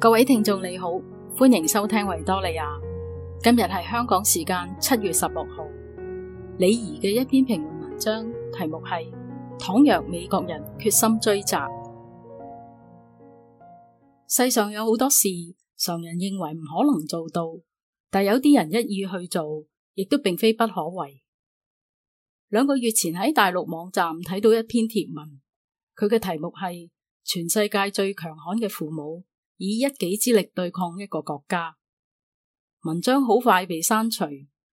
各位聽眾你好，歡迎收聽維多利亞。今日係香港時間七月十六號，李怡嘅一篇評論文章，題目係：倘若美國人決心追責，世上有好多事。常人認為唔可能做到，但有啲人一意去做，亦都並非不可為。兩個月前喺大陸網站睇到一篇貼文，佢嘅題目係《全世界最強悍嘅父母以一己之力對抗一個國家》。文章好快被刪除，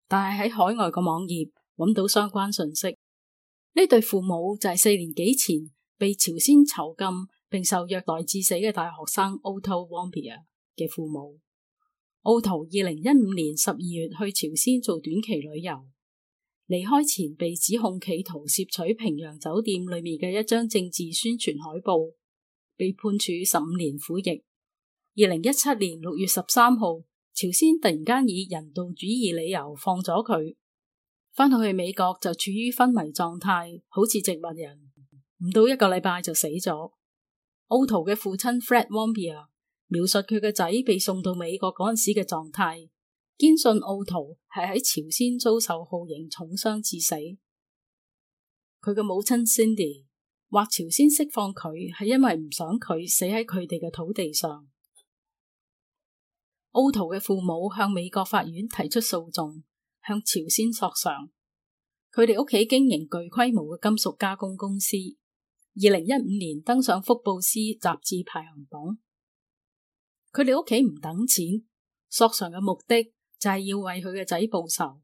但係喺海外嘅網頁揾到相關信息。呢對父母就係四年幾前被朝鮮囚禁並受虐待致死嘅大學生 Otto Warmbier。嘅父母，奧圖二零一五年十二月去朝鮮做短期旅遊，離開前被指控企圖竊取平壤酒店裏面嘅一張政治宣傳海報，被判處十五年苦役。二零一七年六月十三號，朝鮮突然間以人道主義理由放咗佢，翻到去美國就處於昏迷狀態，好似植物人，唔到一個禮拜就死咗。奧圖嘅父親 Fred Warmbier 描述佢嘅仔被送到美國嗰陣時嘅狀態，堅信奧圖係喺朝鮮遭受酷刑重傷致死。佢嘅母親 Cindy 話，朝鮮釋放佢係因為唔想佢死喺佢哋嘅土地上。奧圖嘅父母向美國法院提出訴訟，向朝鮮索償。佢哋屋企經營巨規模嘅金屬加工公司，二零一五年登上福布斯雜誌排行榜。佢哋屋企唔等錢，索償嘅目的就係要為佢嘅仔報仇。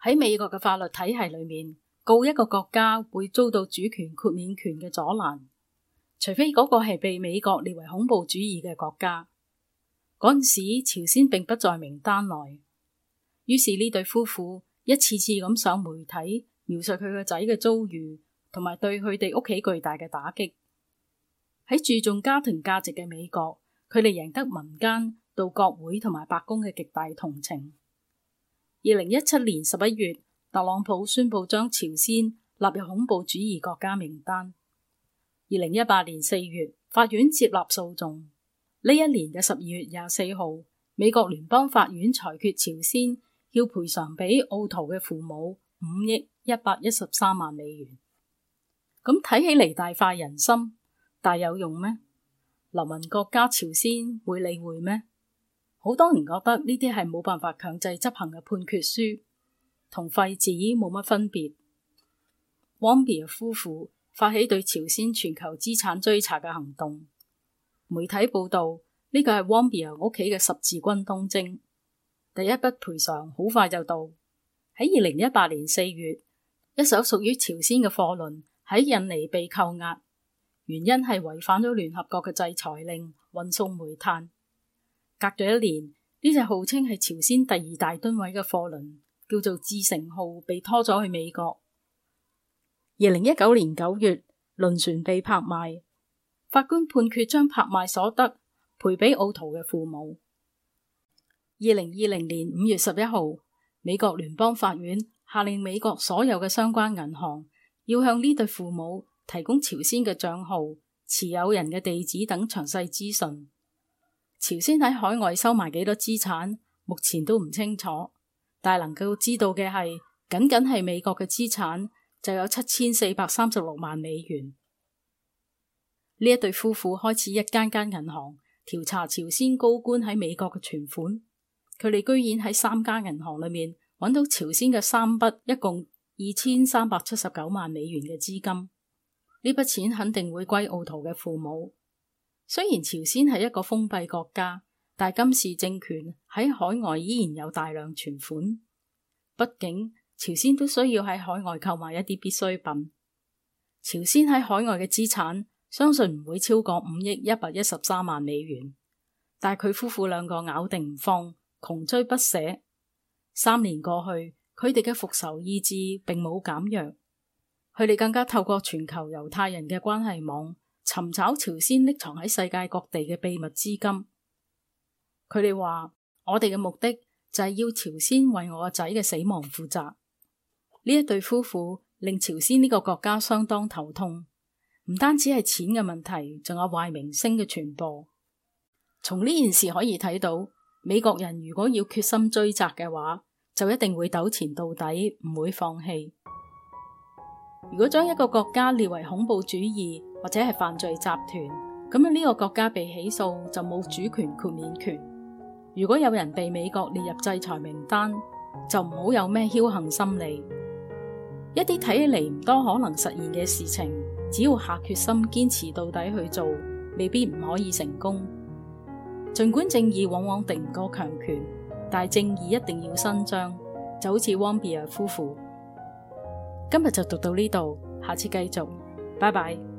喺美國嘅法律體系裏面，告一個國家會遭到主權豁免權嘅阻攔，除非嗰個係被美國列為恐怖主義嘅國家。嗰陣時，朝鮮並不在名單內，於是呢對夫婦一次次咁上媒體，描述佢嘅仔嘅遭遇同埋對佢哋屋企巨大嘅打擊。喺注重家庭價值嘅美國，佢哋贏得民間到國會同埋白宮嘅極大同情。二零一七年十一月，特朗普宣布將朝鮮納入恐怖主義國家名單。二零一八年四月，法院接納訴訟。呢一年嘅十二月廿四號，美國聯邦法院裁決朝鮮要賠償俾奧圖嘅父母五億一百一十三萬美元。咁睇起嚟大快人心。大有用咩？流民國家朝鮮會理會咩？好多人覺得呢啲係冇辦法強制執行嘅判決書，同廢紙冇乜分別。汪比 m 夫婦發起對朝鮮全球資產追查嘅行動。媒體報道呢個係汪比 m 屋企嘅十字軍東征。第一筆賠償好快就到。喺二零一八年四月，一艘屬於朝鮮嘅貨輪喺印尼被扣押。原因係違反咗聯合國嘅制裁令，運送煤炭。隔咗一年，呢隻號稱係朝鮮第二大噸位嘅貨輪，叫做智成號，被拖咗去美國。二零一九年九月，輪船被拍賣，法官判決將拍賣所得賠俾奧圖嘅父母。二零二零年五月十一號，美國聯邦法院下令美國所有嘅相關銀行要向呢對父母，提供朝鮮嘅賬號、持有人嘅地址等詳細資訊。朝鮮喺海外收埋幾多資產，目前都唔清楚，但能夠知道嘅係，僅僅係美國嘅資產就有七千四百三十六萬美元。呢一對夫婦開始一間間銀行調查朝鮮高官喺美國嘅存款，佢哋居然喺三家銀行裏面揾到朝鮮嘅三筆，一共二千三百七十九萬美元嘅資金。呢筆錢肯定會歸奧托嘅父母。雖然朝鮮係一個封閉國家，但金氏政權喺海外依然有大量存款。畢竟朝鮮都需要喺海外購買一啲必需品。朝鮮喺海外嘅資產，相信唔會超過五億一百一十三萬美元。但佢夫婦兩個咬定唔放，窮追不捨。三年過去，佢哋嘅復仇意志并冇減弱。佢哋更加透過全球猶太人嘅關係網，尋找朝鮮匿藏喺世界各地嘅秘密資金。佢哋話：我哋嘅目的就係要朝鮮為我仔嘅死亡負責。呢一對夫婦令朝鮮呢個國家相當頭痛，唔單止係錢嘅問題，仲有壞名聲嘅傳播。從呢件事可以睇到，美國人如果要決心追責嘅話，就一定會糾纏到底，唔會放棄。如果將一個國家列為恐怖主義或者係犯罪集團，咁呢個國家被起訴就冇主權豁免權。如果有人被美國列入制裁名單，就唔好有咩僥倖心理。一啲睇起嚟唔多可能實現嘅事情，只要下決心堅持到底去做，未必唔可以成功。儘管正義往往敵唔過強權，但正義一定要伸張，就好似汪比爾夫婦。今日就讀到呢度，下次繼續，拜拜。